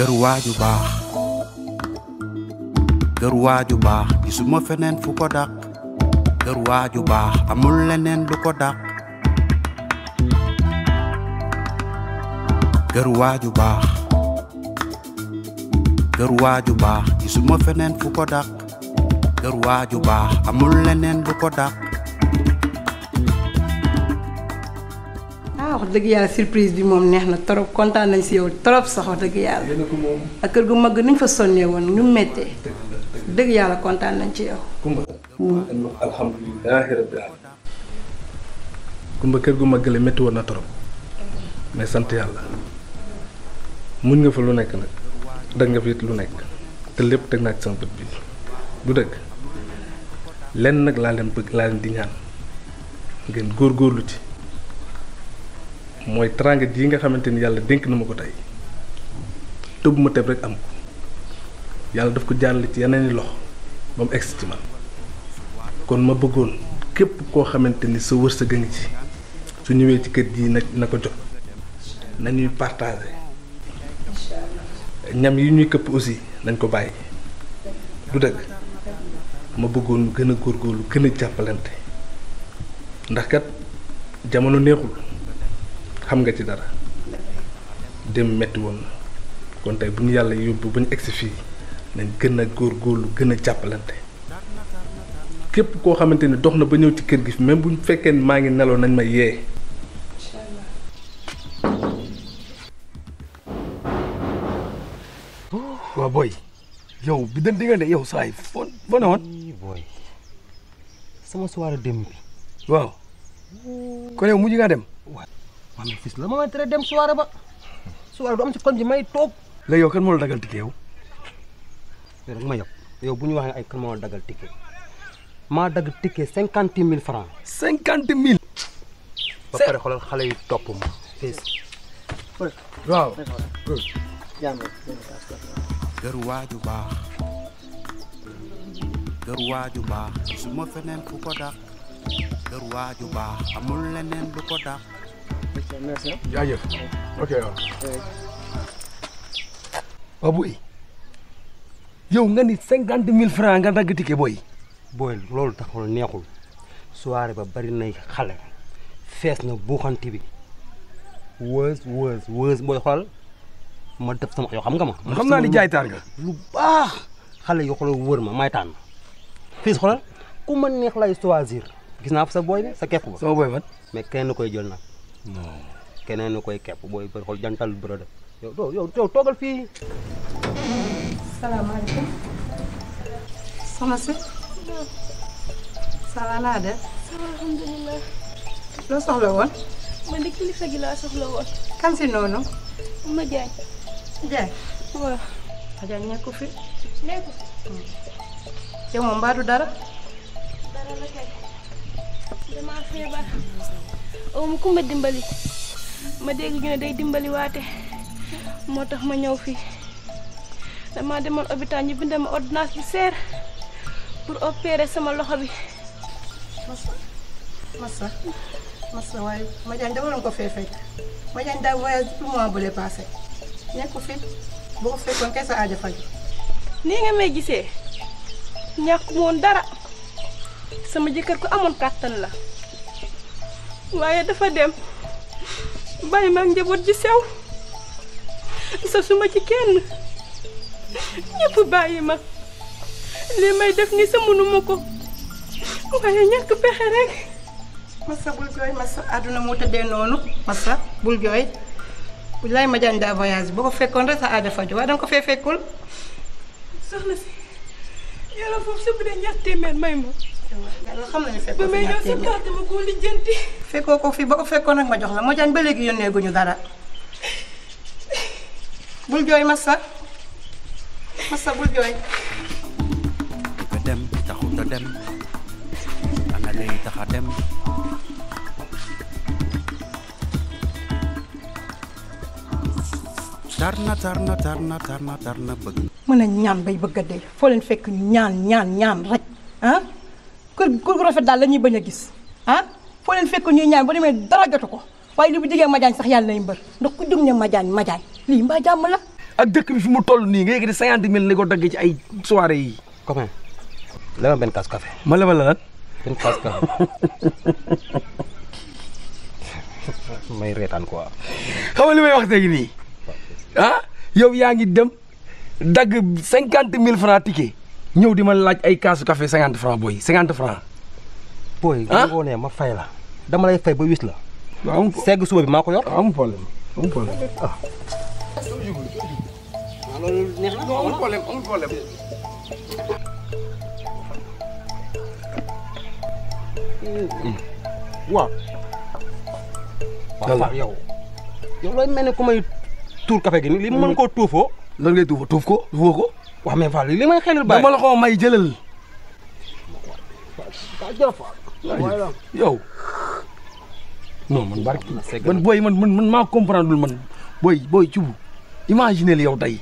kër waaju baax kër waaju baax gisuma feneen fu ko dàq kër waaju baax amul leneen lu ko dàq kër waaju baax kër waaju baax gisuma feneen fu ko lu ko dàq wax deug yàlla surprise bi mom neex na trop kontaan nañ ci yow trop sax wax dëgg yàlla. ak kër gu mag niñ fa sonné won ñu méttee. Ah, dëgg yàlla kontaan nañ ci yow. Kumba. Mm. alhamdulilah rabbil alamin. Kumba kër gu mag la métti woon na trop. mais sante yalla muñ nga fa lu nekk nak da nga fi lu nekk. te lepp tek naa ci sama bët bi du deug lenn nak la leen bëgg la leen di ñaan. ngeen gor gor lu ci. mooy teraanga ji nga xamante ni yàlla dénk na ma ko tey tëb ma tëb rek am ko yàlla daf ko jàll ci yeneen i loxo ba mu egsi ci kon ma bëggoon képp koo xamante ni sa wërsëg a ngi ci su ñëwee ci kër gi na na ko jot nañuy partager ñam yi ñuy këpp aussi nañ ko bàyyi du dëgg ma bëggoon gën a góorgóorlu gën a jàppalante ndax kat jamono neexul. xam nga ci dara dem metti woon kon tey bu ñu yàlla yóbbu ba ñu egsi fii nañ gën a góorgóorlu gën a jàppalante képp koo xamante dox na ba ñëw ci kër gi même bu fekkee maa ngi neloo nañ ma yee waa boy yow bi di nga de yow saay fon fon woon boy sama soirée dem bi waaw kon yow mujj nga dem Mami fisla mama dem suara ba. Suara do am ci kon ji may toog. la yow kan moo dagal yow. rek ma yow ay kan moo dagal ticket maa dagg franc. ba pare xoolal xale yi topp ma. fés. waaw. kër waaju baax kër ko amul leneen bu ko merci jaajëf ok waaw. waaw yow nga ni cinquante mille franc nga dagg ticket booy. booy loolu taxul neexul soirée ba bari nay xale fees na buuxante bi wës wës wës booy xool ma def yoo xam nga ma. xam naa ni jaay yoo xooloo wër ma may tànn fii xoolal ku ma neex lay choisir gis naa fa sa booy bi sa kepp ba. sama booy man mais kenn koy jël nag. keneen koy kep Boy bër xol jantal de yow do yow yow togal fi salaamaaleykum alaykum sama se sala naa de alhamdulillah lo soxla won ma de kilifa gi la soxla won kan si nono ma jaay jaay waaw jaay ko fi ko hmm. yow mo mbaa dara dara la kay dama feebar ya, aw ma ku dimbali ma dégg ñu ne day dimbali waate moo tax ma ñëw fii dama demoon hôpital ñu bindal ma bi seer pour opérer sama loxo bi. Massa Massa Massa waaye Madiagne dama doon ko fee fekk Madiagne daa voyage tout mois bu le passé nekku fi boo ko fekkoon kay sa aajo faj. nii nga may gisee ñàkk moon dara sama jëkkër ku amoon kàttan la. waaye dafa dem bàyyi ma ak njaboot ji sew sa suma ci kenn ñëpp bàyyi ma lii may def ni sa mënuma ko waaye ñàkk pexe rek massa bul jooy massa àdduna moo tëddee noonu massa bul jooy bu laay ma jaan daa voyage boo ko fekkoon rek sa aada faju waaye danga ko fee fekkul yàlla foofu su bu dee ñaar téeméer may ma. yàlla xam ko fi ñaar may ñëw sa carte ma ko lijjanti. fekkoo ko fi ba ko fekkoon nag ma jox la moo jaañ ba léegi yónnee guñu dara bul jooy Massa Massa bul jooy. di ko dem taxut a dem ana lay tax dem. tarna tarna tarna tarna tarna bëgg. mëna ñaan bay bëgg a fo leen fekk ñaan ñaan ñaan rek ah kër kër rafet dal la ñuy bañ gis ah fo leen fekk ñuy ñaan bu demee dara jotu ko waaye li bu ma jaan sax yalla lay mbeur ndax ku jóg ne ma jaay li mbaa jàmm la. ak dëkk bi fi mu toll ni nga yëg 50000 ni ko dëgg ci ay soirée yi. comment. lebal ben kaas café. ma lebal la lan. ben kaas café. may reetaan quoi. xam limay wax léegi ni ah yow yaa ngi dem dagg cinquante mille franc ticket ñëw di ma laaj ay kaasu café cinquante franc booy cinquante franc. booy bu ñu ah? nee ma fay la dama lay fay ba wis la. waaw ah, segg suba yow. yow mel ne ku may. tuur café gi nii li mën koo tuufoo. lan ngay tuufoo tuuf ko tuufoo ko. wax mais Fall li may xelal bàyyi. dama la ko may jëlal. yow. non man barki man booy man man maa comprendre lul man booy booy cubu imaginez yow tey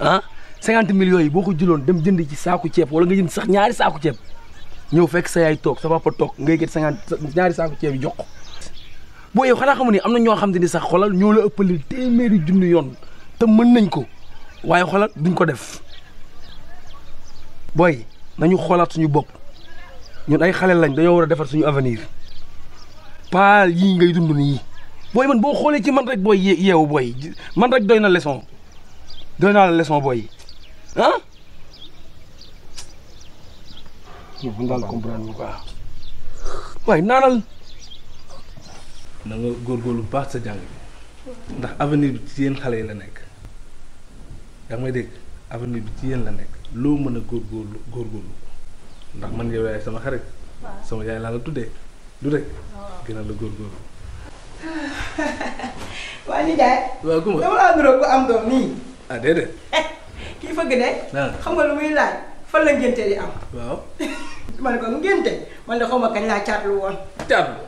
ah cinquante millions yi boo ko jëloon dem jënd ci saaku ceeb wala nga jënd sax ñaari saaku ceeb ñëw fekk sa yaay toog sa papa toog ngay get cinquante ñaari saaku ceeb yi jox ko boo yow xanaa xamu ni am na ñoo xam te sax xolal ñoo la ëppale téeméeri junni yoon te mën nañ ko waaye xolal duñ ko def booy nañu xoolaat suñu bopp ñun ay xale lañ dañoo war a defar suñu avenir paal yii ngay dund nii booy man boo xoolee ci man rek booy yeewu booy man rek doy na leçon doy naa la leçon booy ah. yow waaye naanal. na góor góorgóorlu bu baax sa jàng bi ndax avenir bi ci yéen xale yi la nekk da may dégg avenir bi ci yéen la nekk loo mën a góor góorgóorlu ndax man yow yaay sama xarit sama yaay laa la tuddee du rek gën a la góorgóorlu. waa Ndiaye. waaw Gouma dama laa niroog ku am doom nii. ah déedéet. Eh, kii fëgg de. xam nga lu muy laaj fan la ngénte di am. waaw. ma ne ko ngénte man de xaw ma kañ laa caatlu woon. caatlu.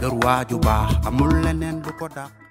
kër waaju baax amul leneen lu ko dàq